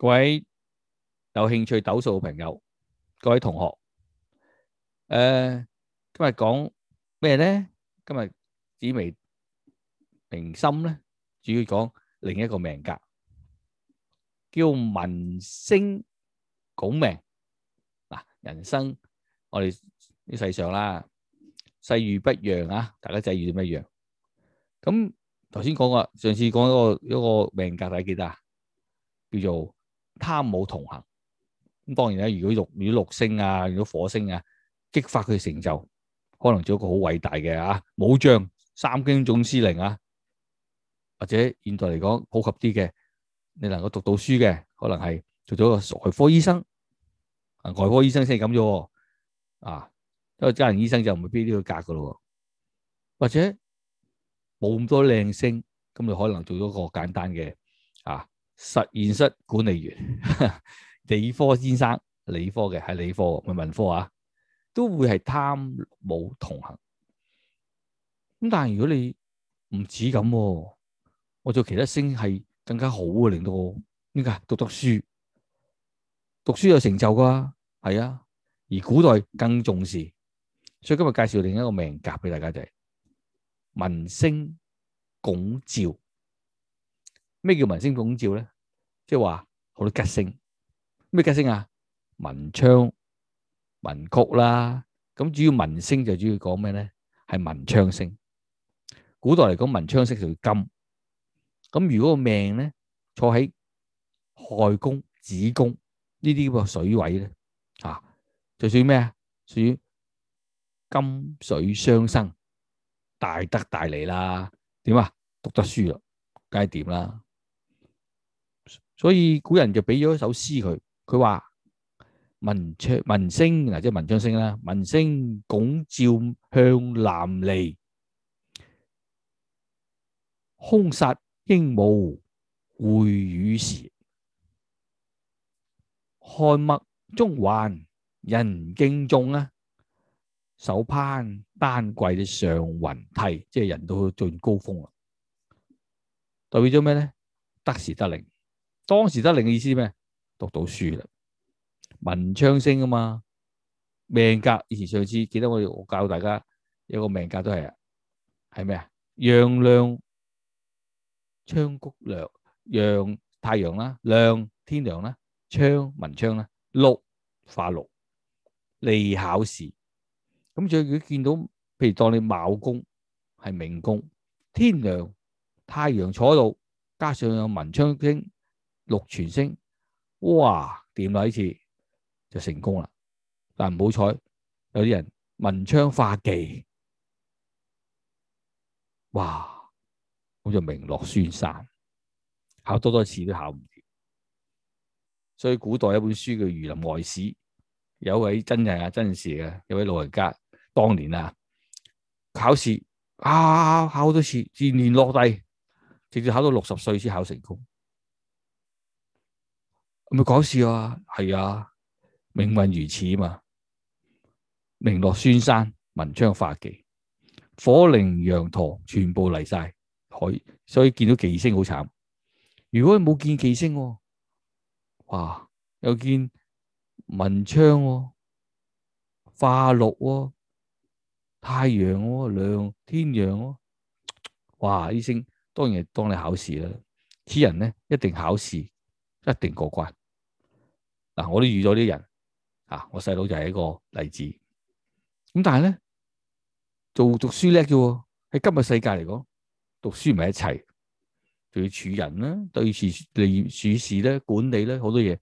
各位有興趣斗數嘅朋友，各位同學，誒，今日講咩咧？今日紫微明心咧，主要講另一個命格，叫文星拱命。嗱，人生我哋啲世上啦，際遇不一樣啊，大家際遇點樣樣？咁頭先講過，上次講一個一個命格大家記得，叫做，貪武同行，咁當然咧，如果遇遇祿星啊，如果火星啊，激發佢成就，可能做一個好偉大嘅啊，武將、三軍總司令啊，或者現代嚟講普及啲嘅，你能夠讀到書嘅，可能係做咗個外科醫生啊，外科醫生先係咁啫，啊，因為，真人醫生就唔會俾呢個格噶咯，或者冇咁多靚星，咁你可能做咗個簡單嘅啊。實驗室管理員，理科先生，理科嘅係理科唔係文科啊，都會係貪冇同行。咁但係如果你唔止咁，我做其他星系更加好啊，令到我點解讀讀書，讀書有成就噶，係啊。而古代更重視，所以今日介紹另一個命格俾大家就係、是、文星拱照。咩叫文星拱照咧？即係話好多吉星。咩吉星啊？文昌、文曲啦。咁主要文星就主要講咩咧？係文昌星。古代嚟講，文昌星屬於金。咁如果個命咧坐喺亥宮、子宮呢啲咁嘅水位咧，啊，就屬於咩啊？屬於金水相生，大德大利啦。點啊？讀得書啦，梗係點啦。所以古人就俾咗一首詩佢，佢話文雀文星嗱，即係文章星啦，文星拱照向南嚟，凶殺英武會羽時，翰墨中還人敬重啊，手攀丹桂上雲梯，即係人都到最高峰啦。代表咗咩咧？得時得令。當時得令嘅意思咩？讀到書啦，文昌星啊嘛，命格以前上次記得我教大家一個命格都係啊，係咩啊？陽梁昌谷略，陽太陽啦，梁天梁啦，昌文昌啦，祿化祿利考試。咁再如果見到，譬如當你卯宮係命宮，天梁太陽坐喺度，加上有文昌星，六全星，哇！掂啦？呢次就成功啦。但唔好彩，有啲人文昌化忌，哇！咁就名落孫山，考多多次都考唔掂。所以古代有一本書叫《儒林外史》，有位真係啊真事嘅有位老人家，當年考試啊考試考好多次，年年落第，直至考到六十歲先考成功。係咪講笑啊？係啊，命運如此嘛。名落孫山，文昌化忌，火鈴羊陀全部嚟晒，所以見到忌星好慘。如果你冇見忌星、啊，哇，又見文昌、啊、化祿、啊、太陽、啊、兩天陽、啊，哇！呢星當然係當你考試啦。此人呢一定考試，一定過關。嗱，我都遇咗啲人，啊，我細佬就係一個例子。咁但係咧，做讀書叻嘅喎。喺今日世界嚟講，讀書唔係一切，仲要處人啦，對事理、處事咧，管理咧，好多嘢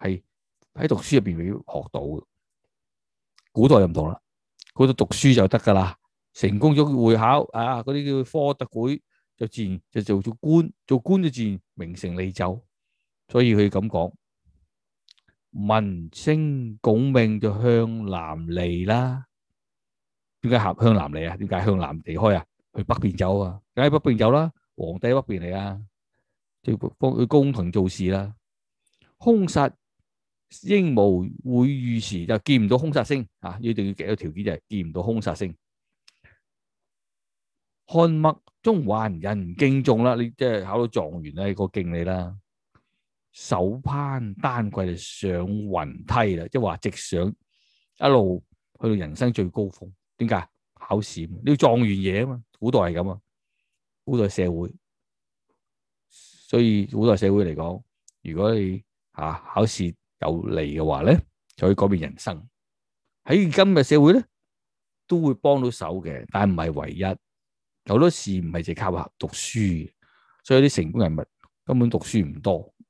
係喺讀書入邊要學到嘅。古代就唔同啦，嗰度讀書就得噶啦，成功咗會考啊，嗰啲叫科特會，就自然就做咗官，做官就自然名成利就。所以佢咁講。文星拱命就向南嚟啦，點解向南嚟啊？點解向南離開啊？去北邊走啊？梗係北邊走啦，皇帝喺北邊嚟啊，即係方去宮廷做事啦。凶煞應無會遇時，就見唔到凶煞星啊，一定要幾多條件，就係見唔到凶煞星。翰墨中還人敬重啦，你即係考到狀元咧，個敬你啦。手攀丹桂，就上雲梯啦，即係話直上一路去到人生最高峰。點解？考試你要狀元嘢啊嘛，古代係咁啊，古代社會。所以古代社會嚟講，如果你、啊、考試有利嘅話咧，就可以改變人生。喺今日社會咧，都會幫到手嘅，但係唔係唯一。有好多事唔係就靠讀書，所以啲成功人物根本讀書唔多。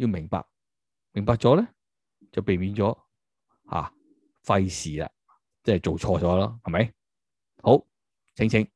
要明白，明白咗咧，就避免咗啊，費事啦，即係做錯咗咯，係咪？好，請請。